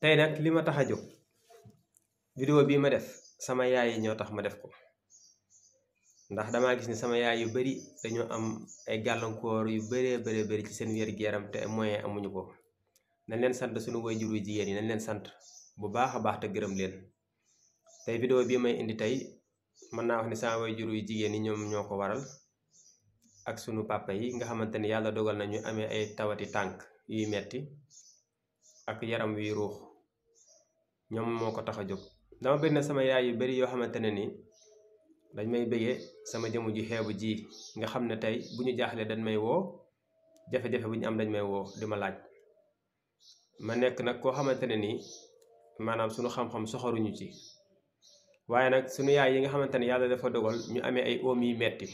tay nak lima ma video bi ma def sama yaay yi ñoo tax ma def ko ndax dama gis ni sama yaay yu bari dañu am ay gàllankoor yu bari bari bari ci seen wër gi yaram te moyen amuñu ko nañ leen sante suñu waajur yu jigéen yi nañ leen sante bu baaxa baax te gërëm leen tay video bi may indi tay man na wax ni sama waajur juru jigéen yi ñom ñoko waral ak sunu papa yi nga xamanteni yalla dogal nañu amé ay tawati tank yuy metti ak yaram wi ñoom moo ko tax a jóg dama bëgg na sama yaay yu bari yoo xamante ne ni dañ may bëgge sama jëmu ji xeebu ji nga xam ne tey bu ñu jaaxlee dañ may woo jafe-jafe bu ñu am dañ may woo di ma laaj ma nekk nag koo xamante ne nii maanaam suñu xam-xam ci waaye nag suñu yaay yi nga xamante ne yàlla dafa dogal ñu amee ay oom yi metti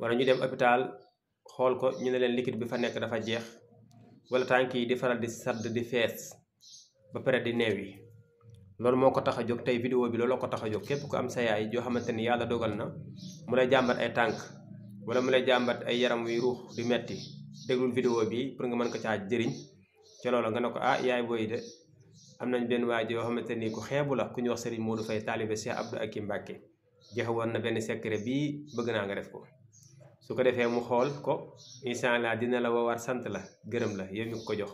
wala ñu dem hôpital xool ko ñu ne leen liquide bi fa nekk dafa jeex wala tànk yi di faral di sadd di fees ba pare di neew yi loolu moo ko tax a jóg tey vidéo bi looloo ko tax a jóg képp ku am sa yaay joo xamante ni yàlla dogal na mu lay jàmbat ay tànk wala mu lay jàmbat ay yaram wi ruux di metti déglul vidéo bi pour nga mën ko caa jëriñ ca loola nga ne ko ah yaay booy de am nañ benn waaj ji yoo xamante ni ku xeebu la ku ñu wax Serigne Modou Faye taalibe Cheikh Abdou Akim Mbacké joxe woon na benn secret bii bëgg naa nga def ko su ko defee mu xool ko incha dina la woowaat sant la gërëm la yow mi ko jox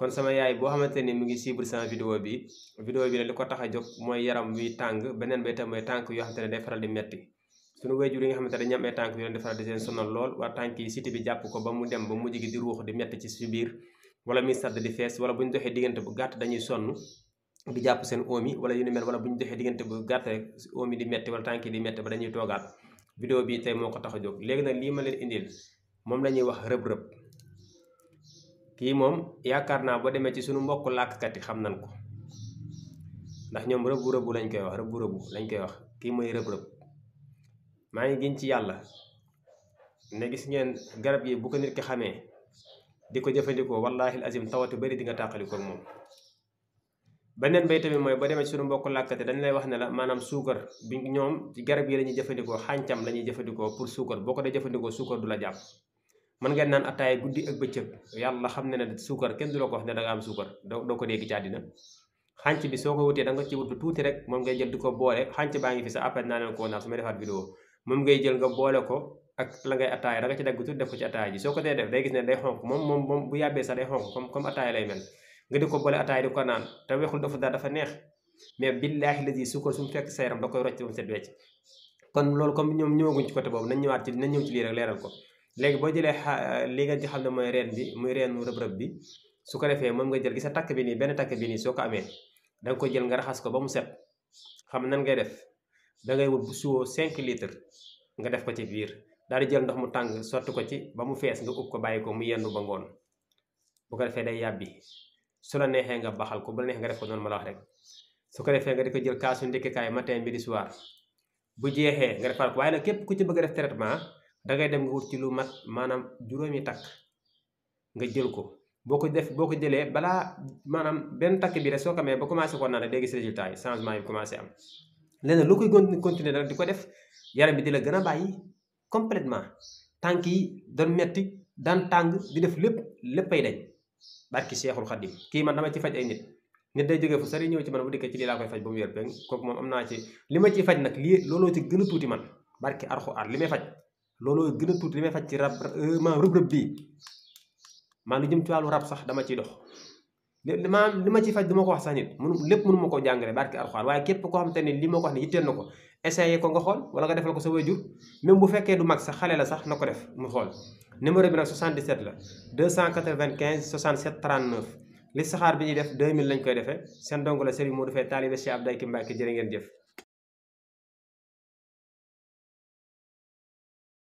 kon sama yaay bo xamanteni ni mu ngi suivre sama vidéo bi vidéo bi ne li ko tax yaram wi tang benen bay itam mooy tànk yoo xamante day faral di metti sunu wayjur yi nga xamanteni ne dañu am ay tank yoo leen di faral di seen sonal lool waa tànk yi bi japp ko ba mu dem ba mu jigi di ruux di metti ci su wala mi sadd di fess wala buñ doxé digënté bu gatt dañuy sonu di japp seen omi wala yu ni mel wala buñ doxé digënté bu gatt omi di metti wala tànk yi di metti ba dañuy togaat vidéo bi tay moko taxa jox a nak li ma leen indil mom lañuy wax reub reub kii mom yakarna bo demé ci sunu mbokk làkkat yi xam nañ ko ndax ñom rebu rebu lañ koy wax rebu rebu lañ koy wax ki mooy rëbb rëbb ma ngi giñ ci yalla ne gis ngeen garab yi bu ko nit ki xamé di ko wallahi alazim tawatu bari di nga takali ko mom benen bay tamit moy bo demé ci sunu mbokk kat dañ lay wax ne la manam Sugar bi ñom ci garab yi lañu jëfëndiko xancam lañu jëfëndiko pour sugar boko da jëfëndiko sugar du la japp man ngeen naan attaaya guddi ak bëccëg yàlla xam ne ne suukar kenn du la ne da nga am suukar doo doo ko dégg ci àddina xànc bi soo ko wutee da ci wut boole xànc baa ngi fi sa après naa leen ko naa su may defaat vidéo moom ngay jël nga boole ko ak la ngay attaaya da nga ci def ko ci attaaya ji soo ko dee def day gis ne day xonk moom moom bu yàbbee sax day xonk comme comme lay mel nga di ko boole attaaya di ko naan te weexul dafa daal dafa neex mais billaahi la ji suukar su fekk sa yaram da koy rocc ba mu set wecc kon loolu comme ñoom ñëwaguñ ci côté boobu na ñëwaat ci nañ ñëw lii rek leeral ko léegi boo jëlee euh, li nga joxal ne mooy reen bi muy reen mu rëb bi su ko defee mom nga jël gis sa takk bi ni ben tak bi ni soko ko dang ko jël nga raxas ko ba mu set xam nan ngay def da ngay wut 5 litres nga def ko ci bir daal di jël ndox mu tang sotti ko ci ba mu fees nga upp ko bayiko mu yendu ba ngoon bu ko defee day yàbbi su la nexé nga baxal ko bu la neexee nga def ko non mala wax rek su ko defee nga diko jël kaasu kay matin di soir bu nga defal ko way nag képp ku ci bëgg def traitement dangay dem nga wut ci lu mat maanaam juróomi takk nga jël ko boo ko def boo ko jëlee balaa maanaam benn takk bi rek soo kamee ba ba commencé ko naan day gis résultat yi changement yi commencé am leneen lu koy continuer dara di ko def yaram bi di la gën a bàyyi complètement tànk yi doon metti daan tàng di def lépp léppay dañ barki Seexul Xadim kii man dama ci faj ay nit nit day jógee ci man bu dikkee ci koy faj ba mu wér benn am naa ci ma ciy faj nag lii looloo ci gën a tuuti man barki Alxuraan li may faj lolo gëna tuti tuuti li ci rab euh, maanaam rub rub bi ma lu jëm ci walu rab sax dama ci dox li maanaam ci ma dama ko wax sax nit mënu lépp mënu ma barki alquran waye képp ko xamanteni te li ma ko wax ni yitteel nako essayé ko nga xol wala nga defal ko sa wayjur même bu fekkee du mag sax xalé la sax nako def mu xol numéro bi nak 77 la 295 67 39 li saxaar bi ñuy def 2000 lañ koy defé sen dongu la Serigne Modou Faye talibé Cheikh abdaye Mbacké jere ngeen def